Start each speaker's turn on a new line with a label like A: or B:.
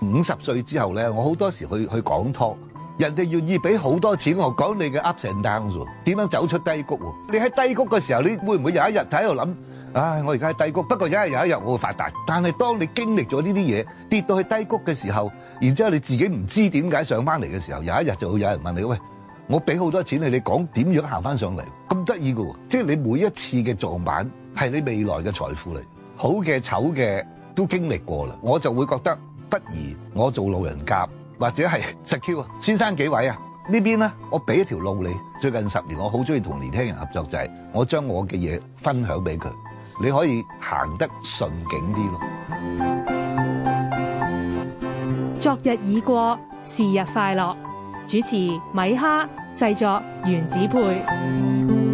A: 五十歲之後咧，我好多時去去講託，人哋願意俾好多錢，我講你嘅 Ups and Downs 喎，點樣走出低谷喎？你喺低谷嘅時候，你會唔會有一日喺度諗？唉、哎，我而家喺低谷，不過有一日有一日我會發達。但係當你經歷咗呢啲嘢跌到去低谷嘅時候，然之後你自己唔知點解上翻嚟嘅時候，有一日就會有人問你：喂，我俾好多錢你，你講點樣行翻上嚟咁得意嘅？即係、就是、你每一次嘅撞板係你未來嘅財富嚟，好嘅、醜嘅都經歷過啦，我就會覺得。不如我做老人甲，或者係食 Q 啊！先生幾位啊？呢邊咧，我俾一條路你。最近十年，我好中意同年輕人合作，就係、是、我將我嘅嘢分享俾佢，你可以行得順景啲咯。
B: 昨日已過，是日快樂。主持米哈，製作原子配。